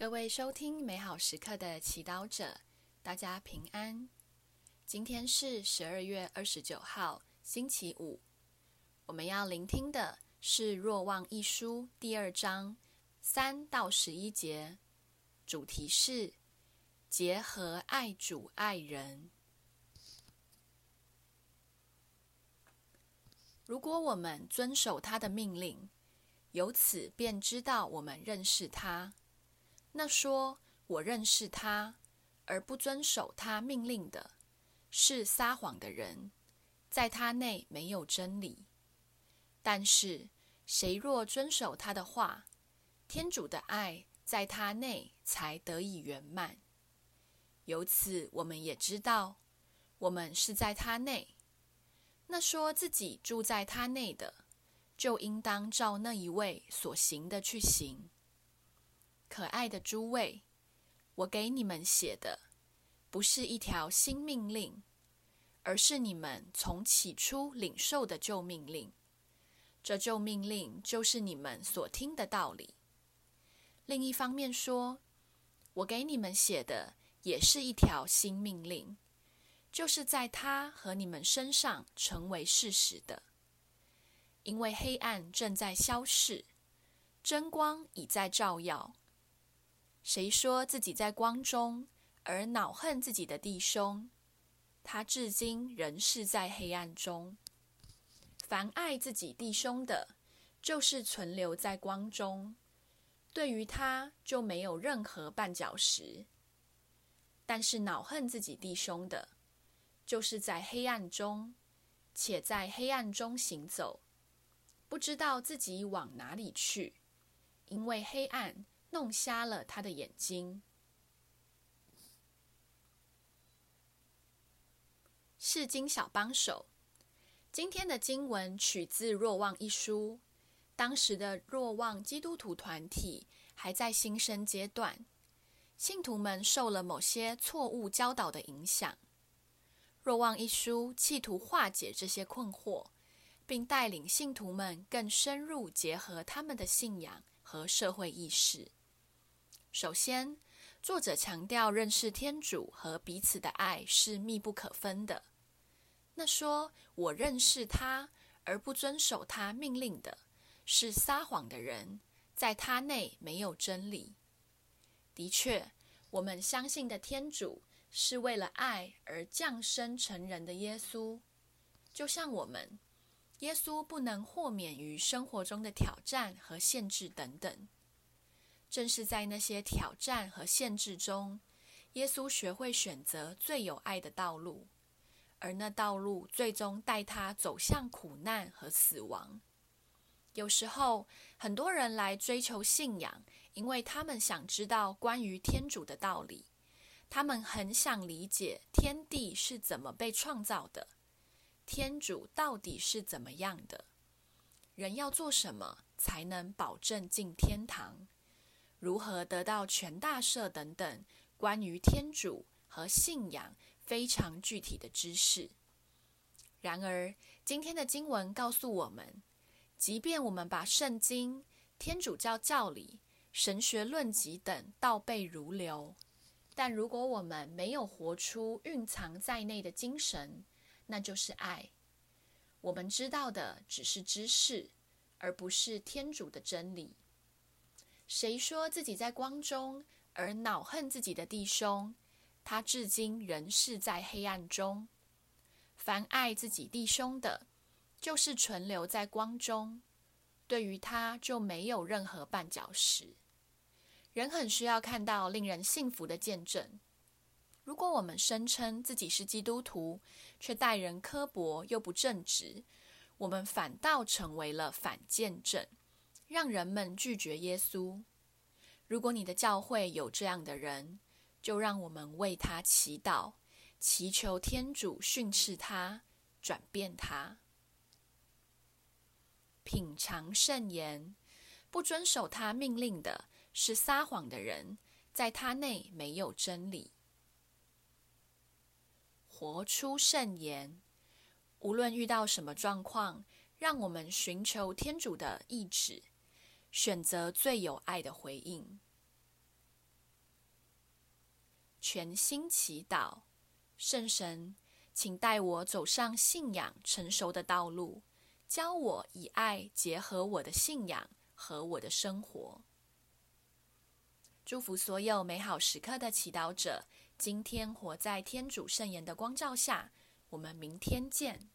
各位收聽美好時刻的祈禱者，大家平安。今天是十二月二十九號，星期五。我們要聆聽的是《若望一書》第二章三到十一節，主題是結合愛主愛人。如果我們遵守他的命令，由此便知道我們認識他。那說：“我認識他，而不遵守他命令的，是撒謊的人，在他內沒有真理。但是，誰若遵守他的話，天主的愛在他內才得以圓滿。由此，我們也知道，我們是在他內。那說自己住在他內的，就應當照那一位所行的去行。”可愛的諸位，我給你們寫的不是一條新命令，而是你們從起初領受的舊命令。這舊命令就是你們所聽的道理。另一方面說，我給你們寫的也是一條新命令，就是在他和你們身上成為事實的。因為黑暗正在消逝，真光已在照耀。誰說自己在光中，而惱恨自己的弟兄，他至今仍是在黑暗中。凡愛自己弟兄的，就是存留在光中，對於他就沒有任何絆腳石。但是惱恨自己弟兄的，就是在黑暗中，且在黑暗中行走，不知道自己往哪裏去，因為黑暗。弄瞎了他的眼睛。釋經小幫手，今天的經文取自若望一書。當時的若望基督徒團體還在新生階段，信徒們受了某些錯誤教導的影響。若望一書企圖化解這些困惑，並帶領信徒們更深入結合他們的信仰和社會意識。首先，作者強調認識天主和彼此的愛是密不可分的。那說“我認識他而不遵守他命令的，是撒謊的人，在他內沒有真理。”的確，我們相信的天主是為了愛而降生成人的耶穌，就像我們，耶穌不能豁免於生活中的挑戰和限制等等。正是在那些挑戰和限制中，耶穌學會選擇最有愛的道路，而那道路最終帶他走向苦難和死亡。有時候，很多人來追求信仰，因為他們想知道關於天主的道理，他們很想理解天地是怎麼被創造的，天主到底是怎麼樣的，人要做什麼才能保證進天堂？如何得到全大赦等等，關於天主和信仰非常具體的知識。然而，今天的經文告訴我們，即便我們把聖經、天主教教理、神學論集等倒背如流，但如果我們沒有活出蘊藏在內的精神，那就是愛。我們知道的只是知識，而不是天主的真理。誰說自己在光中，而惱恨自己的弟兄，他至今仍是在黑暗中。凡愛自己弟兄的，就是存留在光中，對於他就沒有任何絆腳石。人很需要看到令人信服的見證。如果我們聲稱自己是基督徒，卻待人刻薄又不正直，我們反倒成為了反見證。讓人們拒絕耶穌。如果你的教會有這樣的人，就讓我們為他祈禱，祈求天主訓斥他，轉變他。品嚐聖言，不遵守他命令的，是撒謊的人，在他內沒有真理。活出聖言，無論遇到什麼狀況，讓我們尋求天主的意志。選擇最有愛的回應，全心祈禱，聖神，請帶我走上信仰成熟的道路，教我以愛結合我的信仰和我的生活。祝福所有美好時刻的祈禱者，今天活在天主聖言的光照下，我們明天見。